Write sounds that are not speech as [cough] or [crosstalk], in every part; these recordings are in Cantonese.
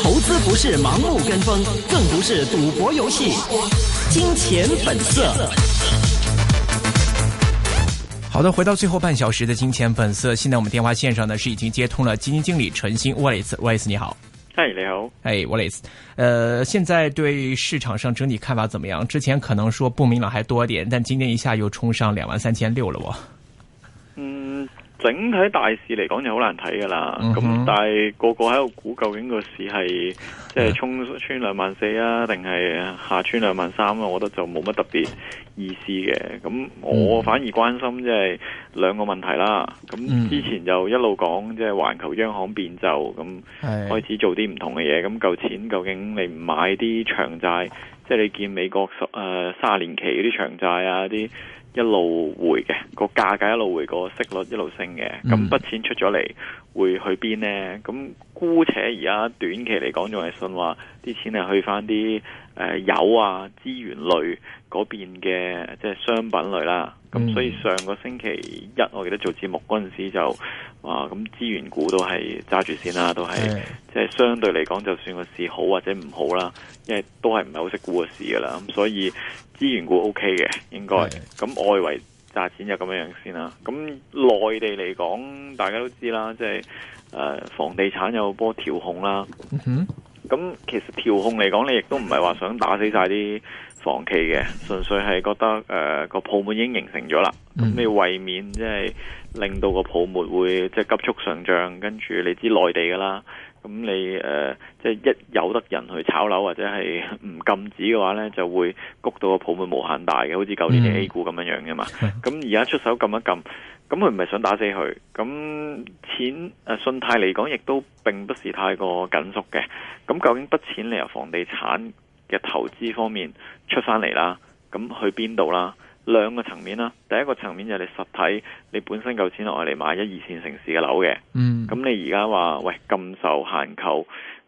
投資不是盲目跟風，更不是賭博遊戲。金錢本色。好的，回到最後半小時的金錢本色。現在我們電話線上呢是已經接通了基金經理陳昕。Wallace，Wallace 你好。嗨，你好。哎 Hi，Wallace，how?、hey, 呃，現在對市場上整體看法怎麼樣？之前可能說不明朗還多一點，但今天一下又衝上兩萬三千六了，我。整體大市嚟講就好難睇㗎喇，咁、uh huh. 但係個個喺度估究，究竟個市係即係衝穿兩萬四啊，定、就、係、是、Yeah. 下穿兩萬三啊？我覺得就冇乜特別意思嘅。咁我反而關心即係兩個問題啦。咁、mm. 之前就一路講即係環球央行變就，咁開始做啲唔同嘅嘢。咁舊 Yeah. 錢究竟你唔買啲長債？即、就、係、是、你見美國十誒卅、呃、年期嗰啲長債啊啲？一路回嘅個價格，一路回個息率，一路升嘅，咁筆錢出咗嚟會去邊呢？咁姑且而家短期嚟講，仲係信話啲錢係去翻啲誒油啊資源類嗰邊嘅，即係商品類啦。咁所以上個星期一，我記得做節目嗰陣時就。啊，咁資源股都係揸住先啦，都係即係相對嚟講，就算個市好或者唔好啦，因為都係唔係好識估個市噶啦，咁所以資源股 OK 嘅應該。咁的外圍揸錢就咁樣樣先啦。咁內地嚟講，大家都知啦，即、就、係、是呃、房地產有波調控啦。咁、嗯、哼其實調控嚟講，你亦都唔係話想打死晒啲房企嘅，純粹係覺得誒個、呃、泡沫已經形成咗啦，咁、嗯、你為免即係。就是令到個泡沫會即係急速上漲，跟住你知內地噶啦，咁你誒、呃、即係一有得人去炒樓或者係唔禁止嘅話呢，就會谷到個泡沫無限大嘅，好似舊年嘅 A 股咁樣樣嘅嘛。咁而家出手撳一撳，咁佢唔係想打死佢。咁錢、啊、信貸嚟講，亦都並不是太過緊縮嘅。咁究竟筆錢嚟由房地產嘅投資方面出翻嚟啦，咁去邊度啦？兩個層面啦，第一個層面就係你實體，你本身夠錢落嚟買一二線城市嘅樓嘅，咁、嗯、你而家話喂禁售限購，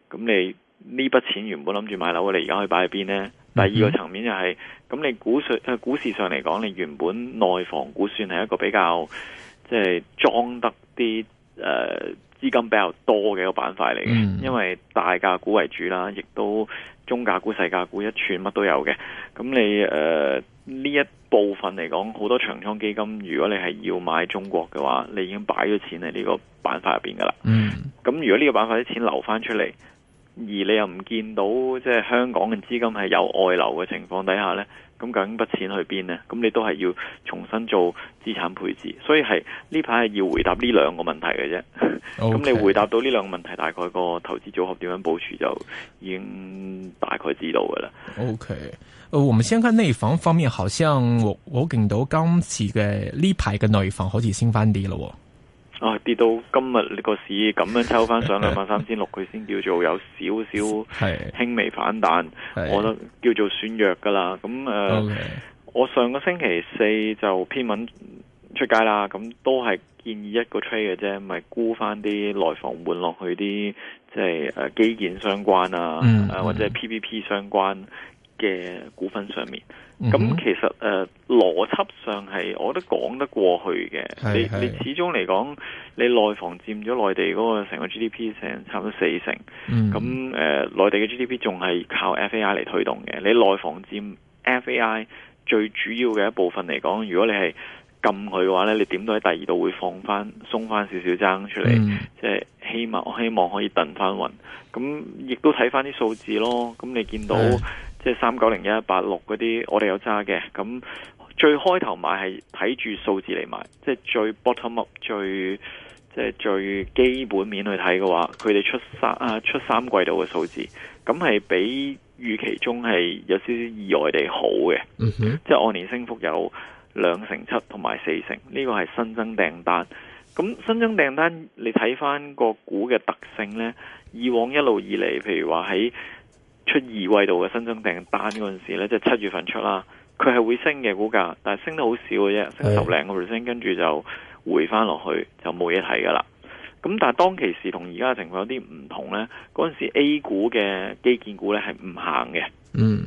咁你呢筆錢原本諗住買樓你而家可以擺喺邊呢？嗯、第二個層面就係、是，咁你股上、啊、股市上嚟講，你原本內房股算係一個比較即係、就是、裝得啲誒、呃、資金比較多嘅一個板塊嚟嘅，嗯、因為大價股為主啦，亦都中價股、細價股一串乜都有嘅，咁你誒。呃呢一部分嚟講，好多長倉基金，如果你係要買中國嘅話，你已經擺咗錢喺呢個板塊入邊噶啦。咁、嗯、如果呢個板塊啲錢流翻出嚟，而你又唔見到即係、就是、香港嘅資金係有外流嘅情況底下呢，咁究竟筆錢去邊呢？咁你都係要重新做資產配置。所以係呢排係要回答呢兩個問題嘅啫。咁 Okay. [laughs] 你回答到呢兩個問題，大概個投資組合點樣部署就已經大概知道噶啦。O K。呃，我們先看內房方面，好像我我見到今次嘅呢排嘅內房好似升翻啲咯，哦，啊，跌到今日呢個市咁樣抽翻上兩萬三千六，佢先叫做有少少係輕微反彈， [laughs] 我都叫做算弱噶啦。咁誒，呃，Okay. 我上個星期四就篇文出街啦，咁都係建議一個 trade，er，嘅啫，咪沽翻啲內房換落去啲即係誒基建相關啊，誒，嗯啊，或者係 PPP 相關。嗯嗯嘅股份上面，咁其實誒邏輯上係，我覺得講得過去嘅、嗯哼。你你始終嚟講，你內房佔咗內地嗰個成個 GDP 成差唔多四成。咁誒內地嘅 GDP 仲係靠 FAI 嚟推動嘅。你內房佔 FAI 最主要嘅一部分嚟講，如果你係撳佢嘅話呢，你點都喺第二度會放翻鬆翻少少爭出嚟，即係、嗯、希望希望可以頓翻運。咁亦都睇翻啲數字咯。咁你見到。嗯即係三九零一八六嗰啲，我哋有揸嘅。咁最開頭買係睇住數字嚟買，即係最 bottom up 最即係最基本面去睇嘅話，佢哋出三啊出三季度嘅數字，咁係比預期中係有少少意外地好嘅。即係，mm hmm. 按年升幅有兩成七同埋四成，呢個係新增訂單。咁新增訂單你睇翻個股嘅特性呢，以往一路以嚟，譬如話喺。出二季度嘅新增訂單嗰陣時咧，即係七月份出啦，佢係會升嘅股價，但係升得好少嘅啫，升十零個 percent，跟住就回翻落去就冇嘢睇噶啦。咁但係當其時同而家嘅情況有啲唔同咧，嗰陣時 A 股嘅基建股咧係唔行嘅，嗯，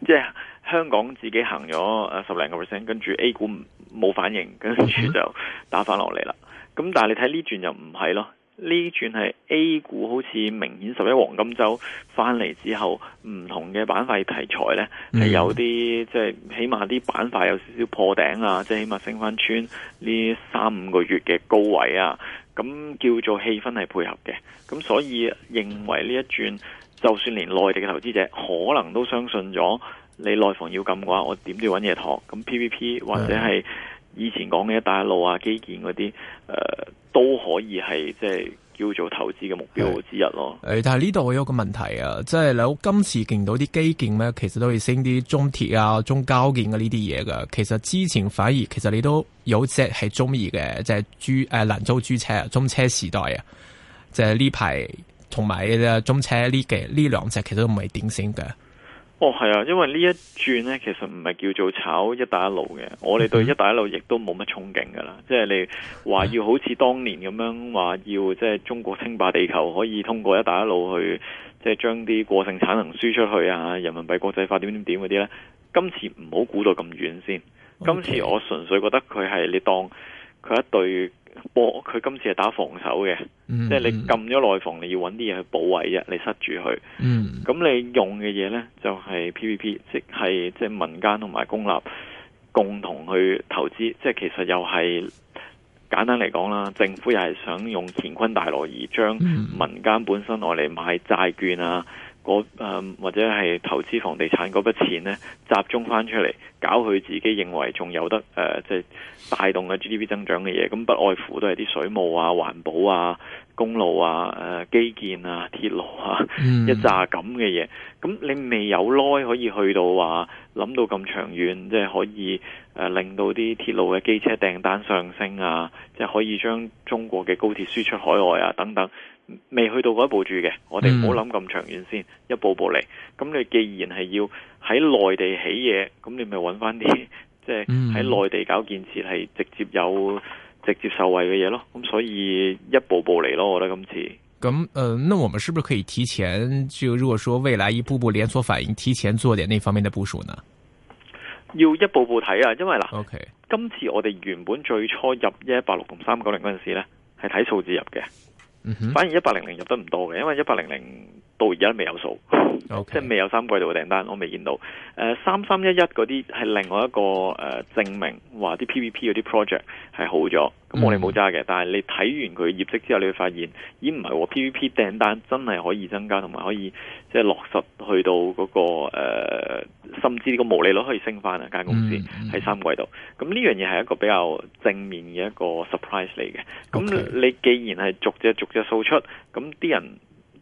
即係香港自己行咗十零個 percent，跟住 A 股冇反應，跟住就打翻落嚟啦。咁但係你睇呢轉又唔係咯。呢轉係 A 股好似明顯十一黃金週翻嚟之後，唔同嘅板塊題材呢，係有啲即係起碼啲板塊有少少破頂啊，即係起碼升翻穿呢三五個月嘅高位啊，咁叫做氣氛係配合嘅，咁所以認為呢一轉，就算連內地嘅投資者可能都相信咗你內房要咁嘅話，我點都要揾嘢托，咁 PVP 或者係。以前講嘅一帶一路啊，基建嗰啲，誒、呃、都可以係即係叫做投資嘅目標之一咯。誒，但係呢度我有個個問題啊，即、就、係、是、你今次見到啲基建咧，其實都可以升啲中鐵啊、中交建嘅呢啲嘢噶。其實之前反而其實你都有隻係中意嘅，即係株誒蘭州株車、中車時代啊，即係呢排同埋中車呢幾呢兩隻，兩隻其實都唔係點升嘅。哦，係啊，因為呢一轉呢，其實唔係叫做炒一帶一路嘅，我哋對一帶一路亦都冇乜憧憬噶啦。即係你話要好似當年咁樣話要，即係中國稱霸地球，可以通過一帶一路去，即係將啲過剩產能輸出去啊，人民幣國際化點點點嗰啲呢。今次唔好估到咁遠先。Okay. 今次我純粹覺得佢係你當佢一對。波佢今次係打防守嘅，mm hmm. 即係你撳咗內房，你要揾啲嘢去保衛啫。你塞住佢。咁、mm hmm. 你用嘅嘢呢，就係、是、P V P，即係即係民間同埋公立共同去投資，即係其實又係簡單嚟講啦，政府又係想用乾坤大挪移，將民間本身攞嚟買債券啊。我或者係投資房地產嗰筆錢呢，集中翻出嚟搞佢自己認為仲有得誒，即係帶動嘅 GDP 增長嘅嘢。咁不外乎都係啲水務啊、環保啊、公路啊、基建啊、鐵路啊、嗯、一揸咁嘅嘢。咁你未有耐可以去到話諗到咁長遠，即係可以呃令到啲鐵路嘅機車訂單上升啊，即係可以將中國嘅高鐵輸出海外啊等等。未去到嗰一步住嘅，我哋唔好諗咁長遠先，嗯、一步步嚟。咁你既然係要喺內地起嘢，咁你咪揾翻啲即係喺內地搞建設係直接有直接受惠嘅嘢咯。咁所以一步步嚟咯，我覺得今次。咁誒，呃、那我們是不是可以提前就，如果說未來一步步連鎖反應，提前做點那方面的部署呢？要一步步睇啊，因為嗱，OK，今次我哋原本最初入一一八六同三九零嗰陣時呢，係睇數字入嘅。反而一百零零入得唔多嘅，因為一百零零。到而家都未有數，Okay. 即係未有三季度嘅訂單，我未見到。三三一一嗰啲係另外一個誒、呃、證明，話啲 PVP 嗰啲 project 係好咗。咁我哋冇揸嘅，但係你睇完佢業績之後，你會發現咦唔係喎 PVP 訂單真係可以增加，同埋可以即係落實去到嗰、那個、呃、甚至呢個毛利率可以升翻啊間公司喺三季度。咁呢、嗯、樣嘢係一個比較正面嘅一個 surprise 嚟嘅。咁 Okay. 你既然係逐隻逐隻數出，咁啲人。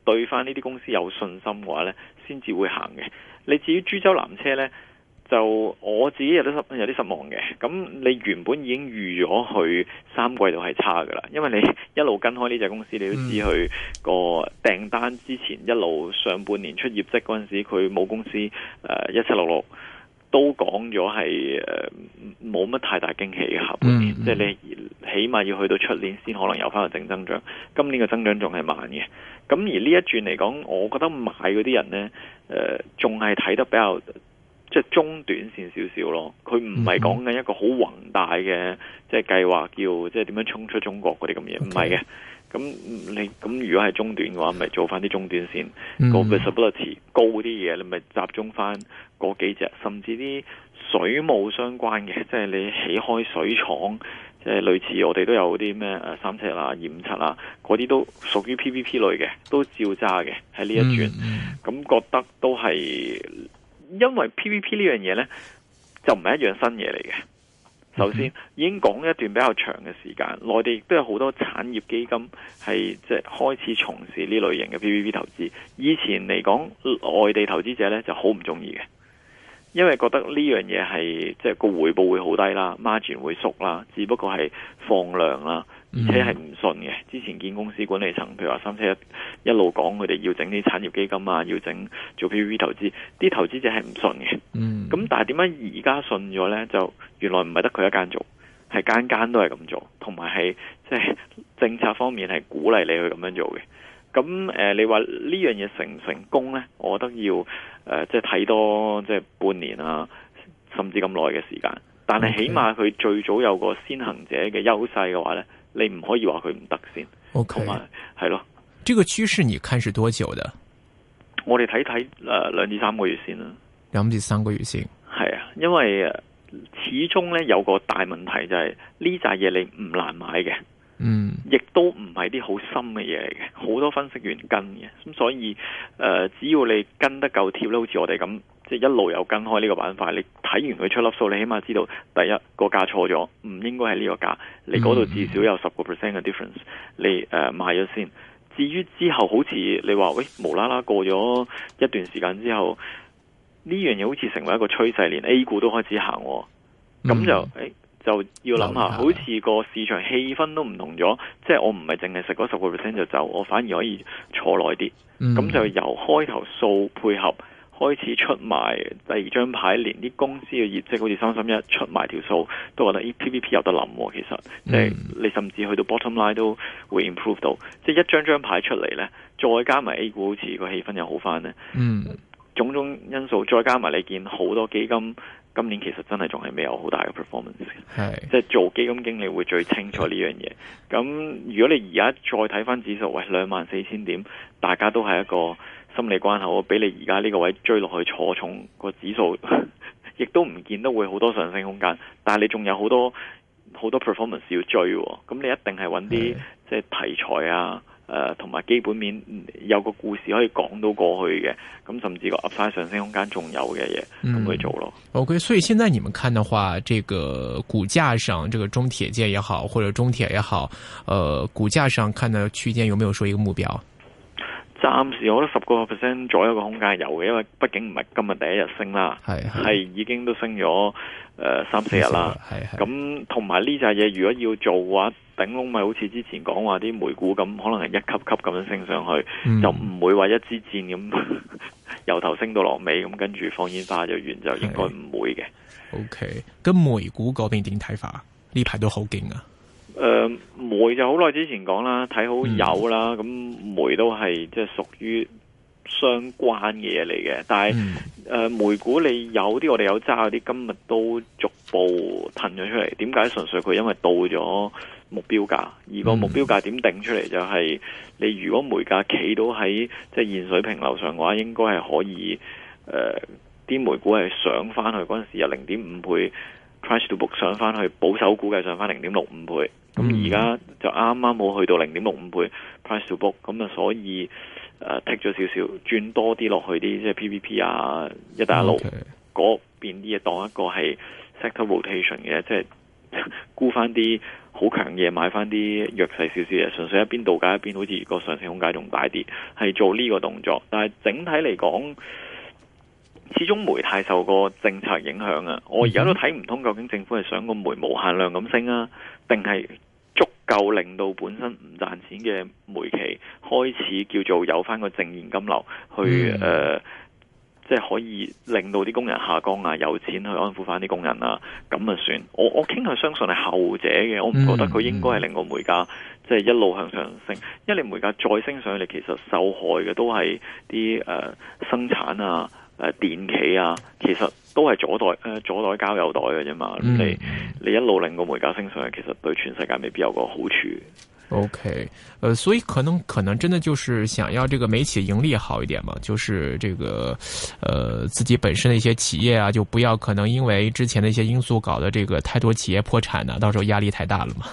對翻呢啲公司有信心嘅話呢，先至會行嘅。你至於株洲南車呢，就我自己有啲失有啲失望嘅。咁你原本已經預咗佢三季度係差嘅啦，因為你一路跟開呢隻公司，你都知佢個訂單之前一路上半年出業績嗰陣時，佢冇公司一七六六。呃都講咗係誒冇乜太大驚喜嘅，下年、嗯嗯、即係你起碼要去到出年先可能有返個正增長。今年嘅增長仲係慢嘅。咁而呢一轉嚟講，我覺得買嗰啲人呢，誒、呃，仲係睇得比較即係中短線少少咯。佢唔係講緊一個好宏大嘅即係計劃，叫即係點樣衝出中國嗰啲咁嘢，唔係嘅。咁你咁如果係中段嘅話，咪做翻啲中段線，嗯，個 visibility 高啲嘢，你咪集中翻嗰幾隻，甚至啲水務相關嘅，即係你起開水廠，即係類似我哋都有啲咩誒三七啊、七啦二五七啊，嗰啲都屬於 PPP 類嘅，都照揸嘅喺呢一轉，咁，嗯，覺得都係，因為 PPP 呢樣嘢咧就唔係一樣新嘢嚟嘅。首先，已經講一段比較長嘅時間，內地亦都有好多產業基金係即係開始從事呢類型嘅 PPP 投資。以前嚟講，內地投資者呢就好唔中意嘅，因為覺得呢樣嘢係即係個回報會好低啦，margin 會縮啦，只不過係放量啦。而且係唔信嘅。之前見公司管理層，譬如話三星一一路講佢哋要整啲產業基金啊，要整做 P V 投資，啲投資者係唔信嘅。嗯。咁但係點解而家信咗呢？就原來唔係得佢一間做，係間間都係咁做，同埋係即係政策方面係鼓勵你去咁樣做嘅。咁誒、呃，你話呢樣嘢成唔成功呢？我覺得要誒、呃、即係睇多即係半年啊，甚至咁耐嘅時間。但係起碼佢最早有個先行者嘅優勢嘅話呢。你唔可以話佢唔得先，OK，係咯。這個趨勢你看是多久的？我哋睇睇誒，兩、呃、至三個月先啦，兩至三個月先。係啊，因為始終呢有個大問題就係呢扎嘢你唔難買嘅，嗯，亦都唔係啲好深嘅嘢嚟嘅，好多分析員跟嘅，咁所以誒、呃，只要你跟得夠貼咧，好似我哋咁。即係一路有跟開呢個板塊，你睇完佢出粒數，你起碼知道第一個價錯咗，唔應該係呢個價，你嗰度至少有十個 percent 嘅 difference，你誒賣咗先。至於之後好似你話喂，無啦啦過咗一段時間之後，呢樣嘢好似成為一個趨勢，連 A 股都開始行，咁就誒、嗯欸、就要諗下，下好似個市場氣氛都唔同咗，即係我唔係淨係食嗰十個 percent 就走，我反而可以坐耐啲，咁、嗯、就由開頭數配合。開始出埋第二張牌，連啲公司嘅業績好似三三一出埋條數，都覺得 p p p 有得諗喎、哦。其實，嗯、即係你甚至去到 bottom line 都會 improve 到。即係一張張牌出嚟呢，再加埋 A 股，好似個氣氛又好翻呢。嗯，種種因素再加埋，你見好多基金今年其實真係仲係未有好大嘅 performance 是。即係做基金經理會最清楚呢樣嘢。咁、嗯、如果你而家再睇翻指數，喂，兩萬四千點，大家都係一個心理關口，我俾你而家呢個位追落去，坐重個指數，亦都唔見得會好多上升空間。但係你仲有好多好多 performance 要追，咁你一定係揾啲即係題材啊，呃、同埋基本面有個故事可以講到過去嘅，咁甚至個 upside 上升空間仲有嘅嘢，咁去做咯。OK、嗯、所以現在你們看的話，這個股價上，這個中鐵建也好，或者中鐵也好，誒、呃，股價上看的區間有沒有說一個目標？暫時我覺得十個 percent 左右個空間係有嘅，因為畢竟唔係今日第一日升啦，係係是已經都升咗誒三四日啦，係咁同埋呢隻嘢如果要做嘅話，頂籠咪好似之前講話啲美股咁，可能係一級級咁樣升上去，嗯、就唔會話一支箭咁由頭升到落尾咁，跟住放煙花就完，就應該唔會嘅。OK，咁美股嗰邊點睇法？呢排都好勁啊！誒、呃，煤就好耐之前講啦，睇好有啦，咁、嗯、煤都係即係屬於相關嘅嘢嚟嘅。但係誒、嗯、呃，煤股你有啲我哋有揸有啲，今日都逐步褪咗出嚟。點解？純粹佢因為到咗目標價。而個目標價點定出嚟就係、是嗯、你如果煤價企到喺即係現水平樓上嘅話，應該係可以誒，啲、呃、煤股係上翻去嗰陣時有零點五倍。Price to book 上翻去保守估計上翻零點六五倍，咁而家就啱啱冇去到零點六五倍 price to book，咁啊所以誒剔咗少少，轉多啲落去啲即係 PPP 啊，一大路嗰邊啲嘢當一個係 sector rotation 嘅，即係沽翻啲好強嘢，買翻啲弱勢少少嘅，純粹一邊度假一邊好似個上升空間仲大啲，係做呢個動作。但係整體嚟講，始終煤太受個政策影響啊。我而家都睇唔通，究竟政府係想個煤無限量咁升啊，定係足夠令到本身唔賺錢嘅煤企開始叫做有翻個正現金流去誒，即係、嗯呃就是、可以令到啲工人下崗啊，有錢去安撫翻啲工人啊，咁啊算。我我傾向相信係後者嘅，我唔覺得佢應該係令個煤價即係一路向上升，嗯嗯、因為你煤價再升上去，你其實受害嘅都係啲誒生產啊。誒，電企啊，其實都係左袋誒，左袋交右袋嘅啫嘛。咁你、嗯、你一路令個煤價升上去，其實對全世界未必有個好處。O、okay, K，呃所以可能可能真的就是想要這個煤企盈利好一點嘛，就是這個，呃自己本身的一些企業啊，就不要可能因為之前的一些因素搞得這個太多企業破產啦、啊，到時候壓力太大了嘛。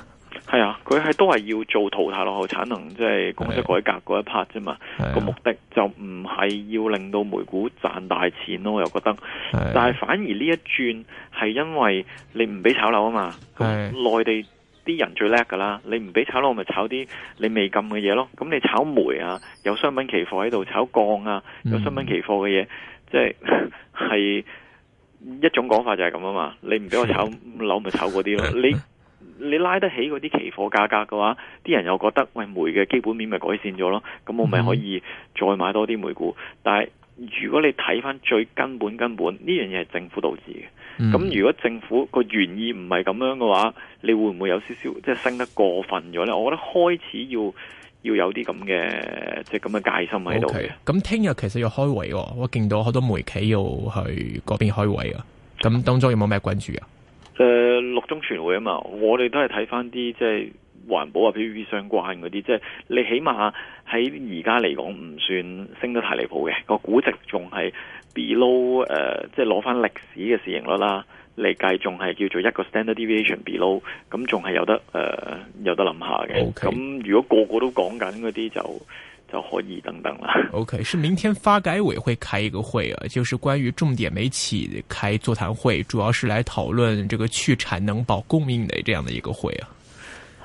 係啊，佢係都係要做淘汰落後產能，即係供給側改革嗰一 part 啫嘛。啊、個目的就唔係要令到煤股賺大錢咯，我又覺得。啊、但係反而呢一轉係因為你唔俾炒樓啊嘛，內、啊、地啲人最叻噶啦，你唔俾炒樓，咪炒啲你未禁嘅嘢咯。咁你炒煤啊，有商品期貨喺度炒鋼啊，有商品期貨嘅嘢，即係係一種講法就係咁啊嘛。你唔俾我炒樓，咪炒嗰啲咯。 [laughs] 你你拉得起嗰啲期貨價格嘅話，啲人又覺得喂，煤嘅基本面咪改善咗咯，咁我咪可以再買多啲煤股。嗯、但係如果你睇翻，最根本根本呢樣嘢，係政府導致嘅，咁、嗯、如果政府個原意唔係咁樣嘅話，你會唔會有少少即係升得過分咗呢？我覺得開始要要有啲咁嘅，即係咁嘅戒心喺度。咁聽日其實要開圍、哦，我見到好多煤企要去嗰邊開圍啊。咁當中有冇咩關注啊？誒六、呃、中全會啊嘛，我哋都係睇翻啲即係環保啊、P、v、P B 相關嗰啲，即係你起碼喺而家嚟講唔算升得太離譜嘅，這個估值仲係 below、呃、即係攞翻歷史嘅市盈率啦嚟計，仲係叫做一個 standard deviation below，咁仲係有得誒、呃，有得諗下嘅。咁 Okay. 如果個個都講緊嗰啲就。就可以等等啦。OK，是明天發改委會開一個會啊，就是關於重點媒體開座談會，主要是來討論這個去產能保供應的這樣的一個會啊。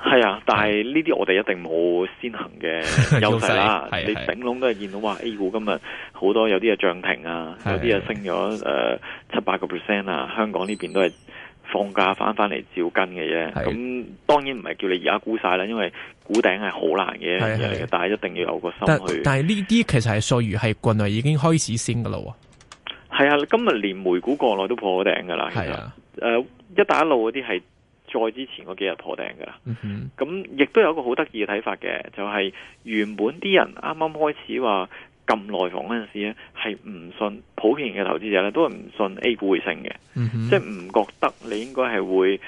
係啊，但係呢啲我哋一定冇先行嘅優勢啦。 [laughs] 你頂籠都係見到，哇，A 股今日好多有啲啊漲停啊， [laughs] 有啲啊升咗誒七八個 percent 啊，香港呢邊都係。放假翻翻嚟照跟嘅啫，咁的當然唔係叫你而家估晒啦，因為估頂係好難嘅的，但係一定要有個心去。但係呢啲其實係屬於係國內已經開始先噶啦。係啊，今日連美股國內都破頂噶啦。係啊的，誒、呃，一帶一路嗰啲係再之前嗰幾日破頂噶啦。咁亦都有個個好得意嘅睇法嘅，就係、是、原本啲人啱啱開始話。咁內房嗰陣時咧，係唔信普遍嘅投資者咧，都係唔信 A 股會升嘅，嗯、哼即係唔覺得你應該係會誒，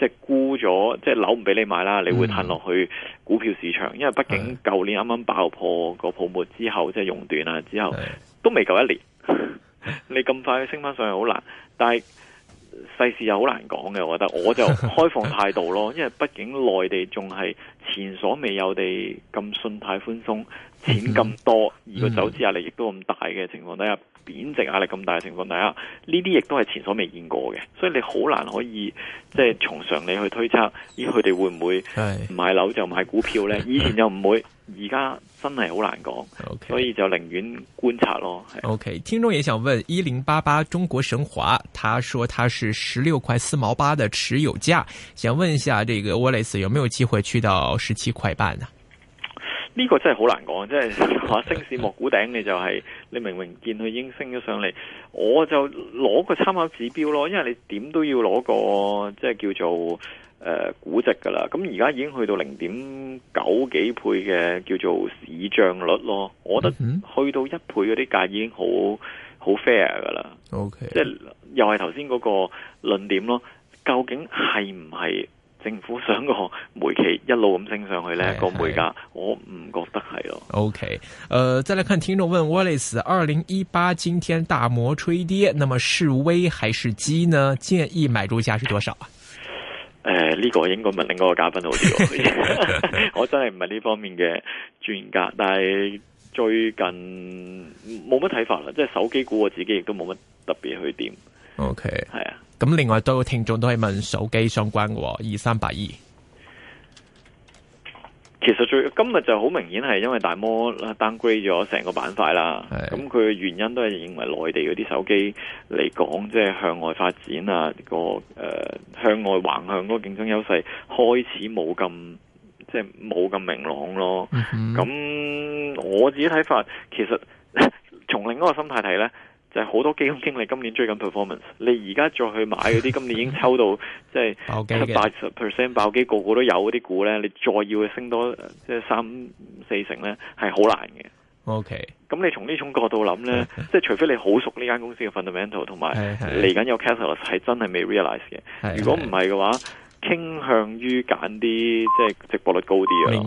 即係沽咗，即係樓唔俾你買啦，你會褪落去股票市場，嗯、哼因為畢竟舊年啱啱爆破個泡沫之後，即係熔斷啊，之後、嗯、哼都未夠一年，嗯、哼 [laughs] 你咁快升翻上去好難，但係世事又好難講嘅，我覺得我就開放態度咯， [laughs] 因為畢竟內地仲係。前所未有地咁信貸寬鬆，錢咁多，而個走資壓力亦都咁大嘅情況底下，貶值壓力咁大嘅情況底下，呢啲亦都係前所未見過嘅，所以你好難可以即係、就是、從常理去推測，咦，佢哋會唔會唔買樓就買股票呢？以前又唔會，而家真係好難講，所以就寧願觀察咯。OK，聽眾也想問一零八八中國神華，佢話佢係十六塊四毛八嘅持有價，想問一下呢個 Wallace 有冇有機會去到？十七塊半啊！呢個真係好難講，即係話升市莫估頂，你就係、是、你明明見佢已經升咗上嚟，我就攞個參考指標咯。因為你點都要攞個即係叫做誒估、呃、值噶啦。咁而家已經去到零點九幾倍嘅叫做市賬率咯。我覺得去到一倍嗰啲價已經好好 fair 噶啦。OK，即係又係頭先嗰個論點咯。究竟係唔係？政府想個煤企一路咁升上去咧，是個煤價的我唔覺得係咯。OK，誒、呃，再來看聽眾問 Wallace，二零一八今天大摩吹跌，那麼是危還是機呢？建議買入價是多少啊？誒、呃、呢、這個應該問另一個嘉賓好啲， [laughs] 我真係唔係呢方面嘅專家，但係最近冇乜睇法啦，即係手機股我自己亦都冇乜特別去點。O K，係啊，咁另外多個聽眾都係問手機相關喎。二三八二。其實最今日就好明顯係因為大摩 downgrade 咗成個板塊啦，咁佢嘅原因都係認為內地嗰啲手機嚟講，即係向外發展啊，個誒向外橫向嗰個競爭優勢開始冇咁即係冇咁明朗咯。咁、嗯、哼我自己睇法，其實從另一個心態睇呢。就係好多基金經理今年追緊 performance，你而家再去買嗰啲今年已經抽到即係百八十 percent 爆機，的爆機個個都有嗰啲股咧，你再要升多即係三四成咧，係好難嘅。OK，咁你從呢種角度諗咧， [laughs] 即係除非你好熟呢間公司嘅 fundamental，同埋嚟緊有，有 catalyst 係真係未 realize 嘅。如果唔係嘅話， [laughs] 傾向於揀啲即係值博率高啲咯。